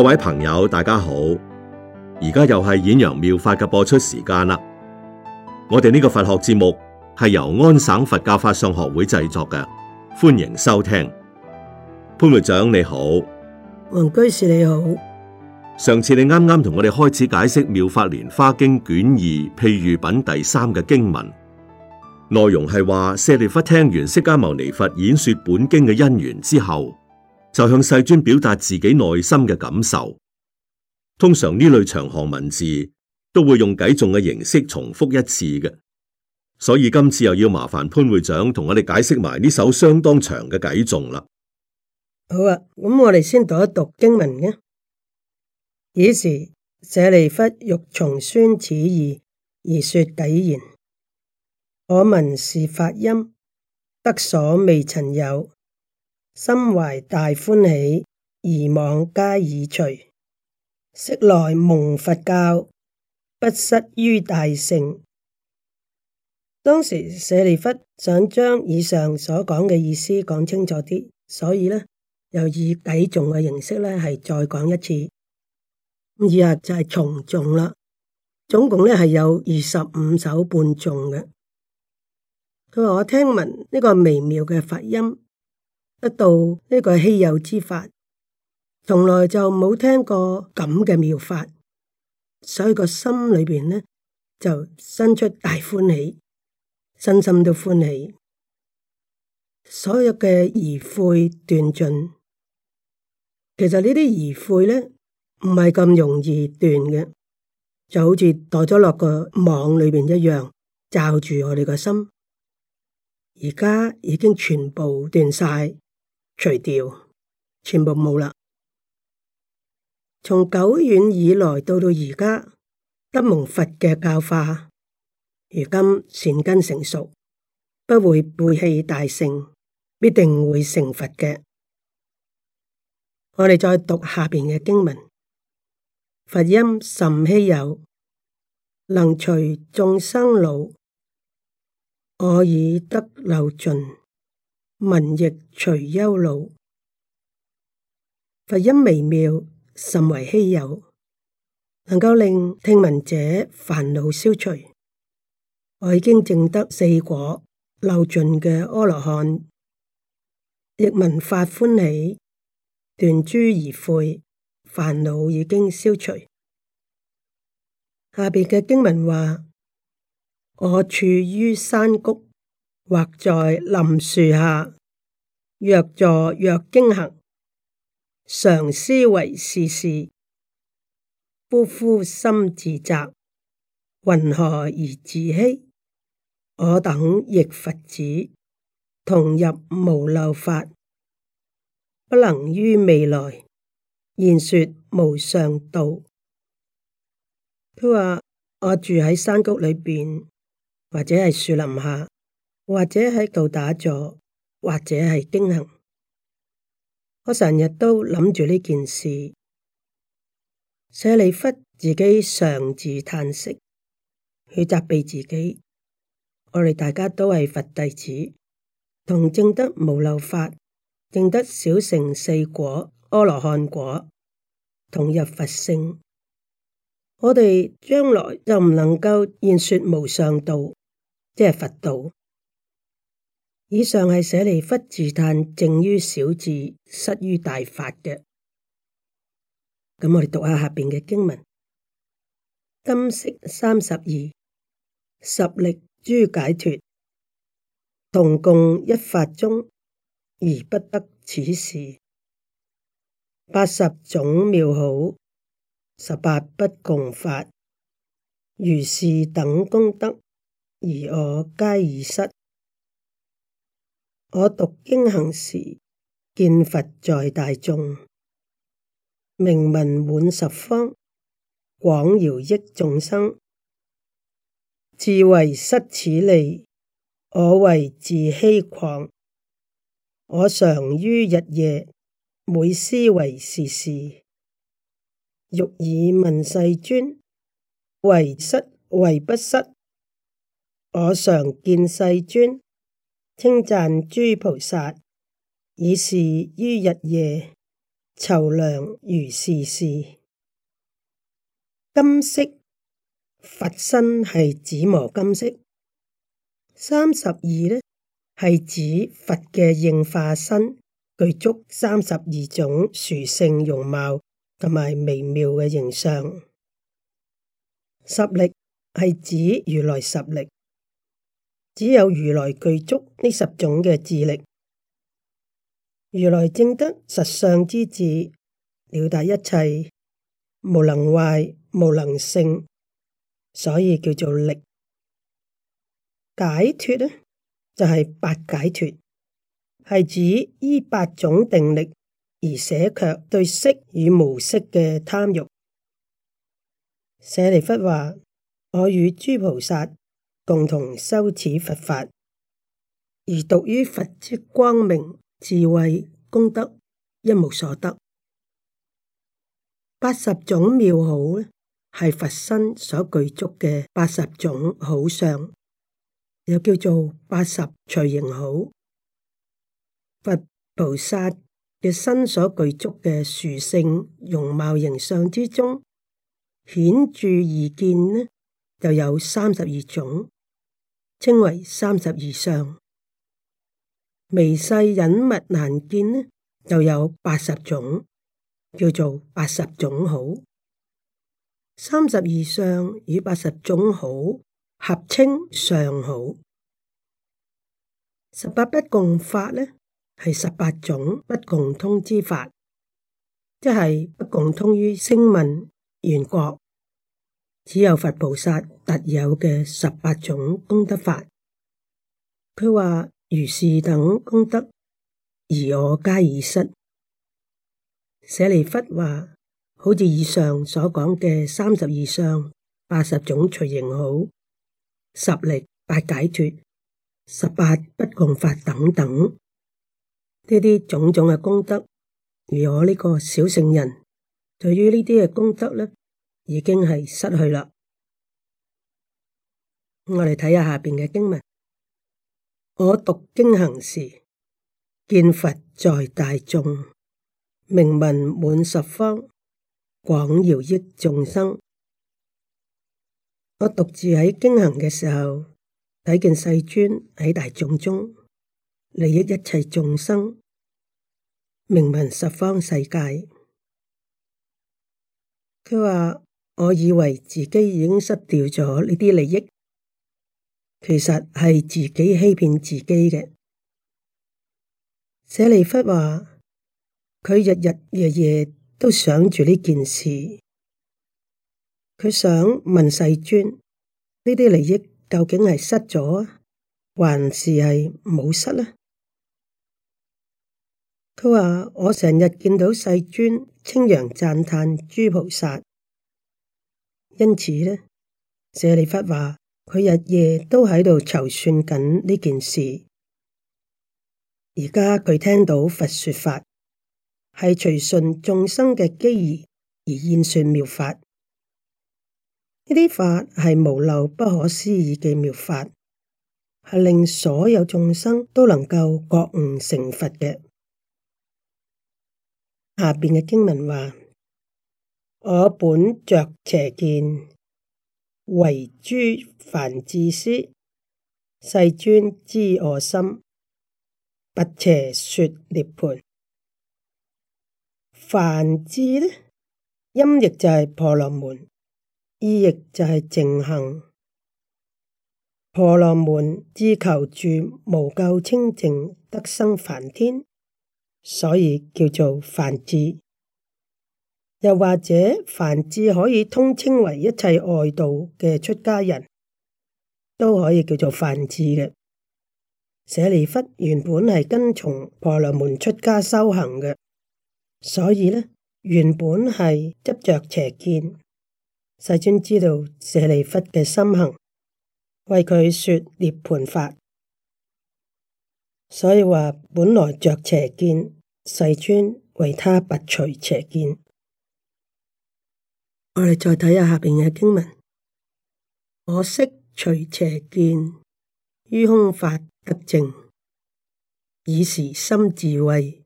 各位朋友，大家好！而家又係演《陽妙法》嘅播出時間啦。我哋呢個佛學節目係由安省佛教法相學會製作嘅，歡迎收聽。潘會長你好，黃居士你好。上次你啱啱同我哋開始解釋《妙法蓮華經》卷二譬喻品第三嘅經文內容，係話舍利弗聽完釋迦牟尼佛演說本經嘅因緣之後。就向世尊表達自己內心嘅感受。通常呢類長行文字都會用偈頌嘅形式重複一次嘅，所以今次又要麻煩潘會長同我哋解釋埋呢首相當長嘅偈頌啦。好啊，咁我哋先讀一讀經文嘅。爾時舍利弗欲重宣此義，而說偈言：我聞是法音，得所未曾有。心懷大歡喜疑網皆已除，昔來蒙佛教不失於大乘。當時舍利弗想將以上所講嘅意思講清楚啲，所以呢，又以偈頌嘅形式呢，係再講一次。以下就係從頌啦，總共呢，係有二十五首半頌嘅。佢話我聽聞呢、這個微妙嘅法音。得到呢個稀有之法，從來就冇聽過咁嘅妙法，所以個心裏邊呢，就生出大歡喜，身心都歡喜，所有嘅疑悔斷盡。其實呢啲疑悔咧唔係咁容易斷嘅，就好似墮咗落個網裏邊一樣，罩住我哋個心。而家已經全部斷晒。除掉，全部冇啦。從久遠以來到到而家，得蒙佛嘅教化，如今善根成熟，不會背棄大聖，必定會成佛嘅。我哋再讀下邊嘅經文：佛音甚稀有，能除眾生惱。」我已得漏盡。聞亦除憂惱，佛音微妙甚為稀有，能夠令聽聞者煩惱消除。我已經證得四果漏盡嘅阿羅漢，亦聞法歡喜，斷諸疑悔，煩惱已經消除。下邊嘅經文話：我處於山谷。或在林樹下，若坐若經行，常思惟是事，嗚呼深自責，云何而自欺？我等亦佛子，同入無漏法，不能於未來言說無上道。佢話：我住喺山谷裏邊，或者係樹林下。或者喺度打坐，或者係經行，我成日都諗住呢件事。舍利弗自己常自嘆息，去責備自己。我哋大家都係佛弟子，同正得無漏法，正得小乘四果阿羅漢果，同入佛性。我哋將來又唔能夠言說無上道，即係佛道。以上係舍利弗自嘆靜於小智，失於大法嘅。咁我哋讀下下邊嘅經文：金色三十二，十力諸解脫，同共一法中，而不得此事。八十種妙好，十八不共法，如是等功德，而我皆已失。我讀經行時，見佛在大眾，名聞滿十方，廣饒益眾生。自為失此利，我為自欺誑。我常於日夜，每思為時事，欲以問世尊，為失為不失？我常見世尊。稱讚諸菩薩，以是於日夜籌量如是事。金色佛身係指紫磨金色，三十二呢係指佛嘅應化身具足三十二種殊勝容貌同埋微妙嘅形象。十力係指如來十力。只有如來具足呢十種嘅智力，如來正得實相之智，了達一切無能壞、無能勝，所以叫做力。解脫呢，就係八解脫，係指依八種定力而捨卻對色與無色嘅貪欲。舍利弗話：我與諸菩薩。共同修持佛法，而獨於佛之光明、智慧、功德，一無所得。八十種妙好咧，係佛身所具足嘅八十種好相，又叫做八十隨形好。佛菩薩嘅身所具足嘅殊勝、容貌形相之中，顯著易見咧，就有三十二種。稱為三十二相，微細隱密難見呢，就有八十種，叫做八十種好。三十二相與八十種好合稱上好。十八不共法呢，係十八種不共通之法，即係不共通於聲聞緣覺。緣覺只有佛菩薩特有嘅十八種功德法，佢話如是等功德，而我皆已失。舍利弗話，好似以上所講嘅三十二相八十種隨形好，十力、八解脱、十八不共法等等，呢啲種種嘅功德，而我呢個小聖人對於呢啲嘅功德呢？已經係失去啦。我嚟睇下下邊嘅經文：我獨經行時，見佛在大眾，名聞滿十方，廣饒益眾生。我獨自喺經行嘅時候，睇見世尊喺大眾中，利益一切眾生，名聞十方世界。佢話。我以為自己已經失掉咗呢啲利益，其實係自己欺騙自己嘅。舍利弗話：佢日日夜夜都想住呢件事，佢想問世尊：呢啲利益究竟係失咗，還是係冇失呢？佢話：我成日見到世尊，稱揚讚歎諸菩薩。因此呢，舍利弗話：佢日夜都喺度籌算緊呢件事。而家佢聽到佛說法，係隨順眾生嘅機宜而演說妙法。呢啲法係無漏不可思議嘅妙法，係令所有眾生都能夠覺悟成佛嘅。下邊嘅經文話。我本着邪見，為諸梵志師，世尊知我心，拔邪說涅槃。梵志呢？音譯就係婆羅門，意譯就係淨行。婆羅門之求住，無垢清淨，得生梵天，所以叫做梵志。又或者，梵志可以通稱為一切外道嘅出家人，都可以叫做梵志嘅。舍利弗原本係跟從婆羅門出家修行嘅，所以呢，原本係執着邪見。世尊知道舍利弗嘅心行，為佢說涅槃法，所以話本來着邪見，世尊為他拔除邪見。我哋再睇下下邊嘅經文。我悉除邪見，於空法得證；爾時心自謂，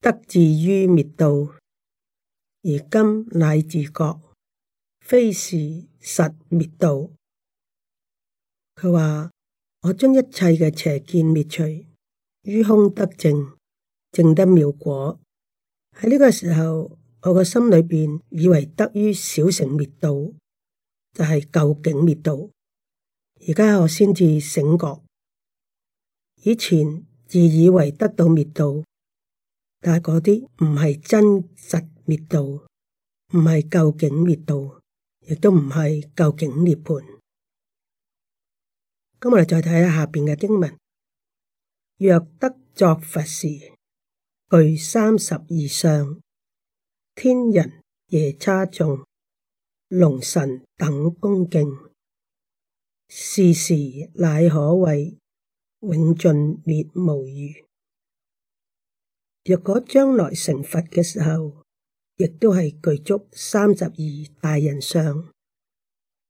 得至於滅度。而今乃自覺，非是實滅度。佢話：我將一切嘅邪見滅除，於空得證，證得妙果。喺呢個時候。我個心裏邊以為得於小乘滅度，就係究竟滅度。而家我先至醒覺，以前自以為得到滅度，但係嗰啲唔係真實滅度，唔係究竟滅度，亦都唔係究竟涅槃。咁我哋再睇下下邊嘅經文：若得作佛時，具三十二相。天人、夜叉、眾龍神等恭敬，是時乃可謂永盡滅無餘。若果將來成佛嘅時候，亦都係具足三十二大人相，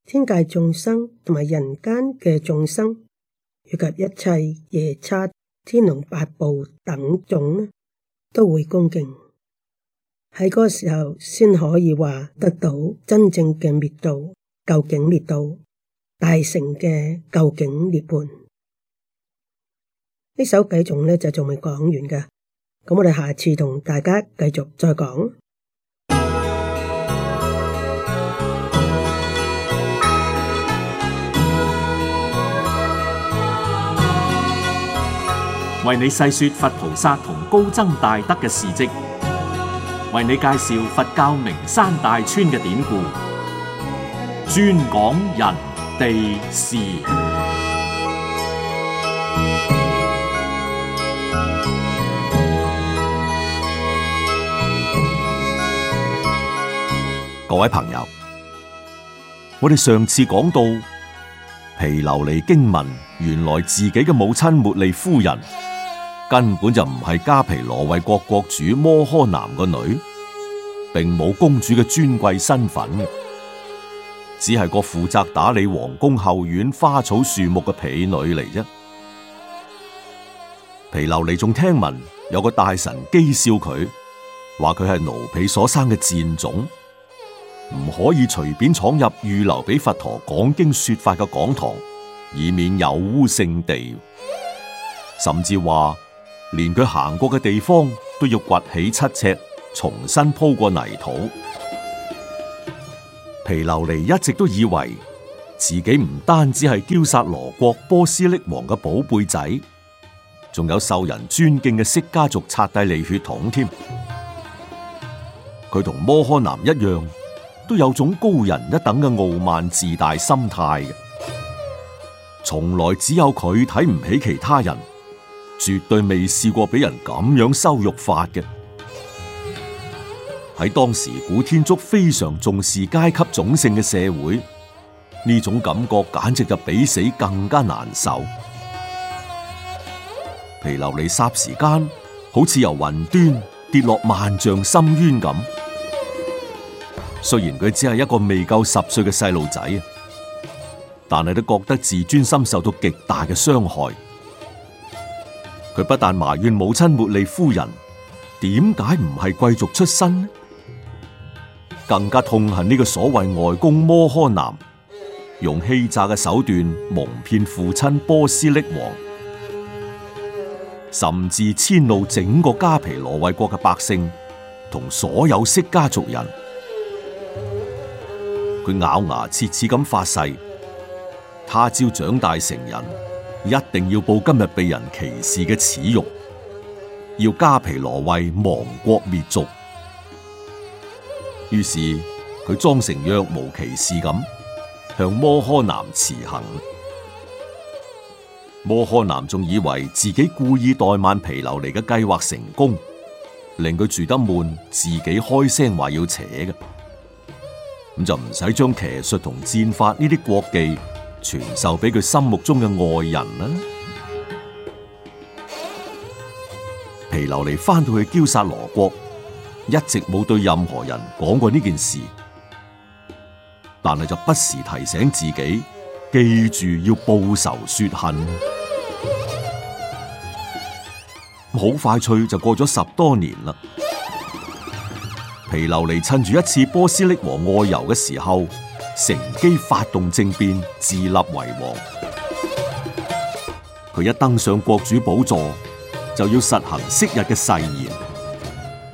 天界眾生同埋人間嘅眾生，以及一切夜叉、天龍八部等眾，都會恭敬。喺嗰個時候，先可以話得到真正嘅滅度、究竟滅度、大成嘅究竟涅槃。呢首偈頌咧就仲未講完嘅，咁我哋下次同大家繼續再講。 為你細說佛菩薩同高僧大德嘅事迹。為你介紹佛教名山大川嘅典故，專講人地事。各位朋友，我哋上次講到毗琉璃驚聞，原來自己嘅母親茉莉夫人。根本就唔係加皮羅衛國迦毗羅衛國國主摩訶男個女，並冇公主嘅尊貴身份，只係個負責打理皇宮後院花草樹木嘅婢女嚟啫。毗琉璃仲聽聞有個大臣譏笑佢，話佢係奴婢所生嘅賤種，唔可以隨便闖入預留俾佛陀講經說法嘅講堂，以免有污聖地，甚至話。連佢行過嘅地方都要掘起七尺，重新鋪過泥土。毗琉璃一直都以為自己唔單止係憍薩羅國波斯匿王嘅寶貝仔，仲有受人尊敬嘅釋迦族剎帝利血統添。佢同摩訶男一樣，都有種高人一等嘅傲慢自大心態嘅，從來只有佢睇唔起其他人。絕對未試過俾人咁樣羞辱法嘅。喺當時，古天竺非常重視階級種姓嘅社會，呢種感覺簡直就比死更加難受。毗琉璃霎時間，好似由雲端跌落萬丈深淵咁。雖然佢只係一個未夠十歲嘅細路仔啊，但係都覺得自尊心受到極大嘅傷害。佢不但埋怨母親茉莉夫人，點解唔係貴族出身呢？更加痛恨呢個所謂外公摩訶男，用欺詐嘅手段蒙騙父親波斯匿王，甚至遷怒整個迦毗羅衛國嘅百姓同所有釋迦族人。佢咬牙切齒咁發誓：他朝長大成人。一定要報今日被人歧視嘅恥辱，要迦毗羅衛亡國滅族。於是佢裝成若無其事咁向摩訶男辭行。摩訶男仲以為自己故意怠慢毗琉璃嘅計劃成功，令佢住得悶，自己開聲話要扯嘅，咁就唔使將騎術同戰法呢啲國技。傳授俾佢心目中嘅愛人啦、啊。毗琉璃翻到去憍薩羅國，一直冇對任何人講過呢件事，但係就不時提醒自己記住要報仇雪恨。好 快脆就過咗十多年啦。 毗琉璃趁住一次波斯匿和外遊嘅時候，乘機發動政變，自立為王。佢一登上國主寶座，就要實行昔日嘅誓言，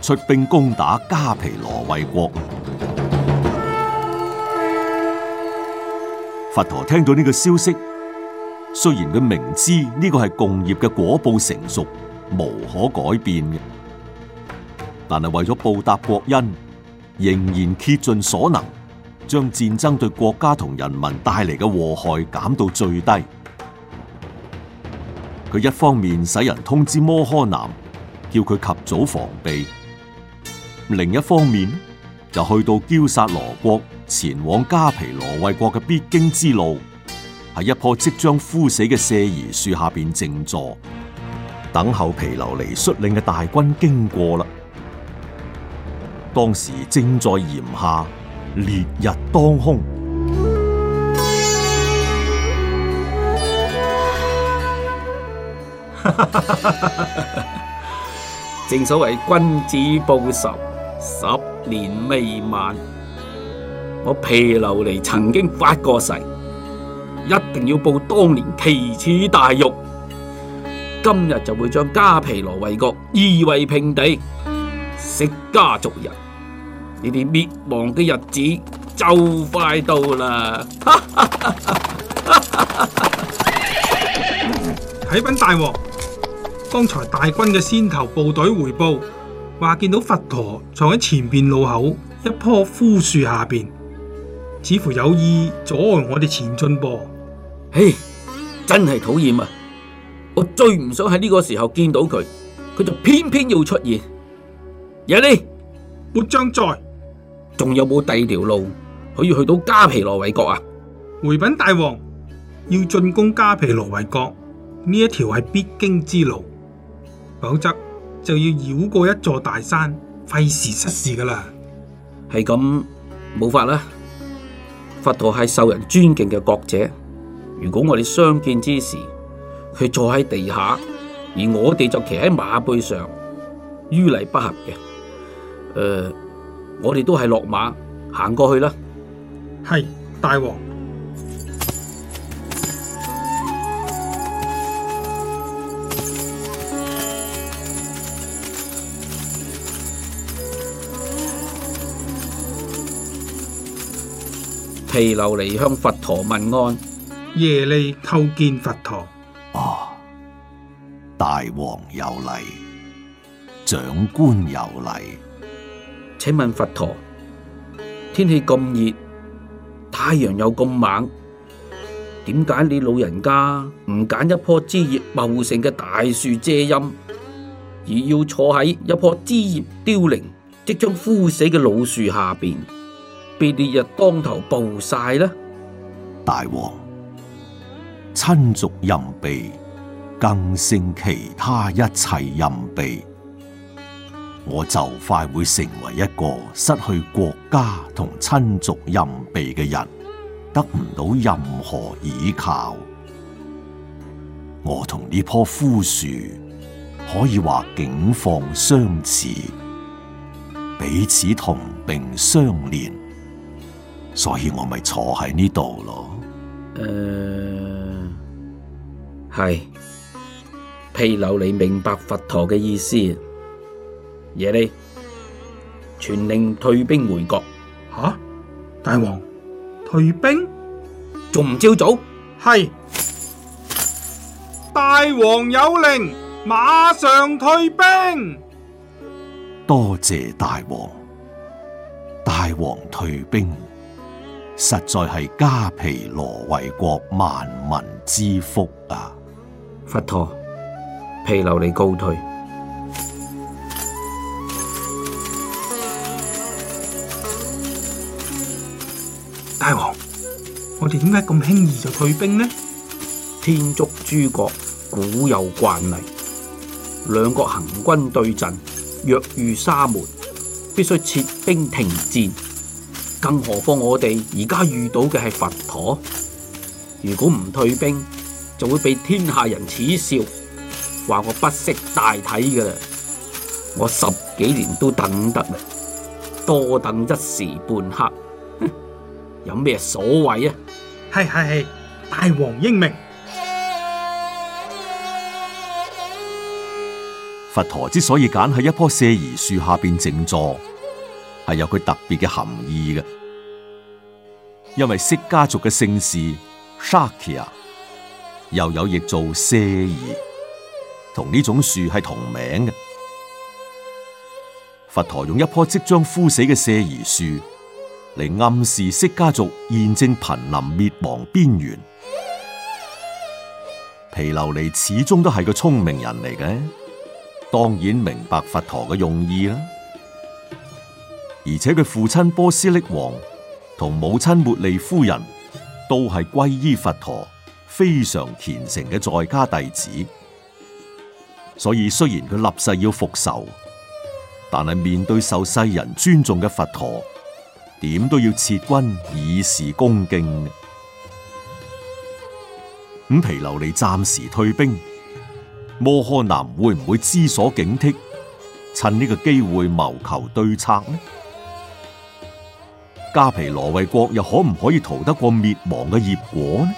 出兵攻打迦毗羅衛國。佛陀聽到呢個消息，雖然佢明知呢個係共業嘅果報成熟，無可改變嘅，但係為咗報答國恩，仍然竭盡所能。將戰爭對國家同人民帶嚟嘅禍害減到最低。佢一方面使人通知摩訶男，叫佢及早防備；另一方面就去到憍薩羅國，前往迦毗羅衛國嘅必經之路，喺一棵即將枯死嘅舍夷樹下邊靜坐，等候毗琉璃率領嘅大軍經過啦。當時正在炎夏。烈日當空， 正所謂君子報仇，十年未晚。我毗琉璃曾經發過誓，一定要報當年奇恥大辱。今日就會將迦毗羅衛國夷為平地，釋迦族人。呢哋滅亡嘅日子就快到啦！啟稟大王，剛才大軍嘅先頭部隊回報，話見到佛陀藏喺前邊路口一棵枯樹下邊，似乎有意阻礙我哋前進噃。嘿，真係討厭啊！我最唔想喺呢個時候見到佢，佢就偏偏要出現。耶利，副將在。仲有冇第二條路可以去到迦毗羅衛國啊？回稟大王，要進攻迦毗羅衛國呢一條係必經之路，否則就要繞過一座大山，費時失事噶啦。係咁，冇法啦。佛陀係受人尊敬嘅國者，如果我哋相見之時，佢坐喺地下，而我哋就騎喺馬背上，於理不合嘅。誒、呃。.我哋都係落馬行過去啦。係，大王，毗琉璃向佛陀問安。夜裏叩見佛陀。哦，大王有禮，長官有禮。請問佛陀，天氣咁熱，太陽又咁猛，點解你老人家唔揀一棵枝葉茂盛嘅大樹遮陰，而要坐喺一棵枝葉凋零，即將枯死嘅老樹下邊，俾烈日當頭暴曬呢？大王，親族蔭庇，更勝其他一切蔭庇。我就快會成為一個失去國家同親族蔭庇嘅人，得唔到任何倚靠。我同呢棵枯樹可以話境況相似，彼此同病相憐，所以我咪坐喺呢度咯。誒、呃，係，皮老，你明白佛陀嘅意思？耶利，傳令退兵回國。吓，大王，退兵？仲唔照早？係，大王有令，馬上退兵。多謝大王，大王退兵實在係迦毗羅衛國萬民之福啊！佛陀，毗琉璃告退。大王，哎，我哋點解咁輕易就退兵呢？天竺諸國古有慣例，兩國行軍對陣，若遇沙門，必須撤兵停戰。更何況我哋而家遇到嘅係佛陀，如果唔退兵，就會被天下人恥笑，話我不識大體㗎啦。我十幾年都等得啦，多等一時半刻。有咩所謂啊？係係係，大王英明。佛陀之所以揀喺一棵舍夷樹下邊靜坐，係有佢特別嘅含義嘅。因為釋迦族嘅姓氏 Shakya，又有譯做舍夷，同呢種樹係同名嘅。佛陀用一棵即將枯死嘅舍夷樹。嚟暗示釋迦族現正瀕臨滅亡邊緣。毗琉璃始終都係個聰明人嚟嘅，當然明白佛陀嘅用意啦。而且佢父親波斯匿王同母親茉莉夫人，都係皈依佛陀、非常虔誠嘅在家弟子。所以雖然佢立誓要復仇，但係面對受世人尊重嘅佛陀。點都要撤軍以示恭敬。五毗琉璃暫時退兵，摩訶男會唔會知所警惕？趁呢個機會謀求對策呢？迦毗羅衛國又可唔可以逃得過滅亡嘅業果呢？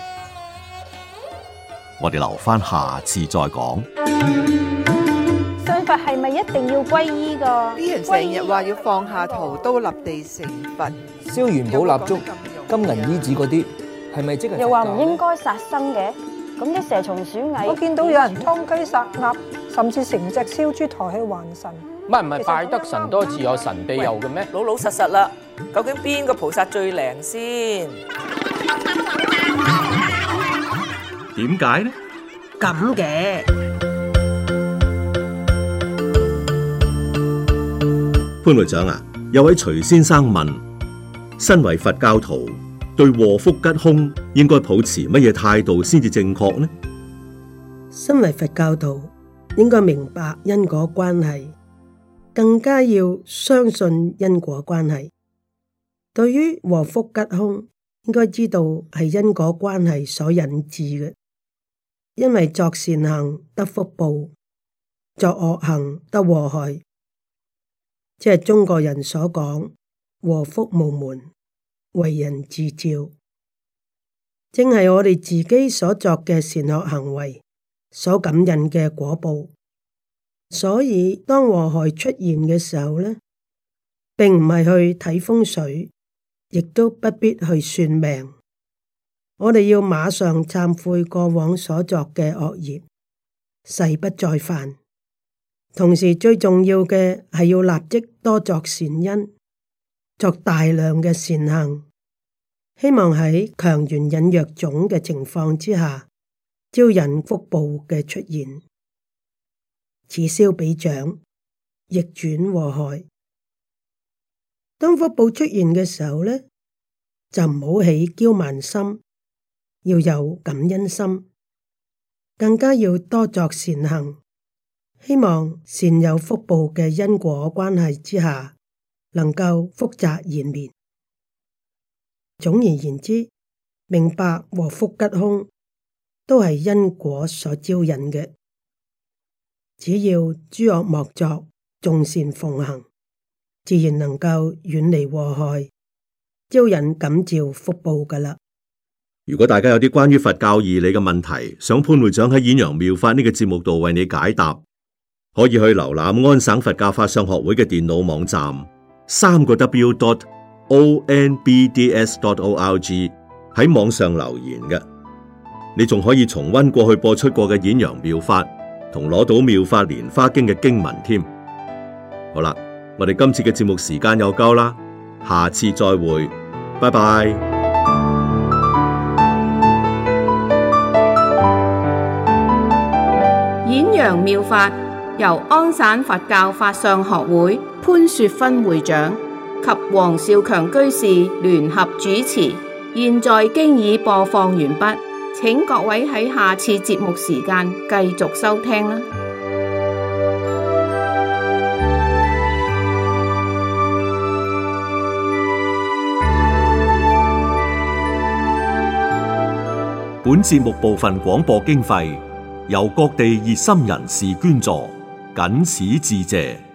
我哋留翻下次再講。係咪一定要皈依噶？啲人成日話要放下屠刀立地成佛，燒元寶、蠟燭、金銀衣紙嗰啲，係咪即係？又話唔應該殺生嘅，咁啲蛇蟲鼠蟻，我見到有人劏雞殺鴨，甚至成隻燒豬抬去還神。唔係唔係，拜得神多自有神庇佑嘅咩？老老實實啦，究竟邊個菩薩最靈先？點解呢？咁嘅。潘隊長啊，有位徐先生問：身為佛教徒，對禍福吉凶應該保持乜嘢態度先至正確呢？身為佛教徒，應該明白因果關係，更加要相信因果關係。對於禍福吉凶，應該知道係因果關係所引致嘅，因為作善行得福報，作惡行得禍害。即係中國人所講，禍福無門，為人自照，正係我哋自己所作嘅善惡行為所感引嘅果報。所以當禍害出現嘅時候呢，並唔係去睇風水，亦都不必去算命。我哋要馬上懺悔過往所作嘅惡業，誓不再犯。同時最重要嘅係要立即多作善因，作大量嘅善行，希望喺強緣引弱種嘅情況之下，招引福報嘅出現，此消彼長，逆轉禍害。當福報出現嘅時候呢，就唔好起驕慢心，要有感恩心，更加要多作善行。希望善有福報嘅因果關係之下，能夠福澤延綿。總而言之，明白禍福吉凶都係因果所招引嘅。只要諸惡莫作，眾善奉行，自然能夠遠離禍害，招引感召福報㗎喇。如果大家有啲關於佛教義理嘅問題，想潘會長喺《演揚妙法》呢個節目度為你解答。可以去瀏覽安省佛教法相學會嘅電腦網站，三個 W. dot O N B D S. dot O R G. 喺網上留言嘅，你仲可以重溫過去播出過嘅演揚妙法，同攞到妙法蓮花經嘅經文添。好啦，我哋今次嘅節目時間又夠啦，下次再會，拜拜。演揚妙法。由安省佛教法相學會潘雪芬會長及黃少強居士聯合主持，現在經已播放完畢，請各位喺下次節目時間繼續收聽啦。本節目部分廣播經費由各地熱心人士捐助。僅此致謝。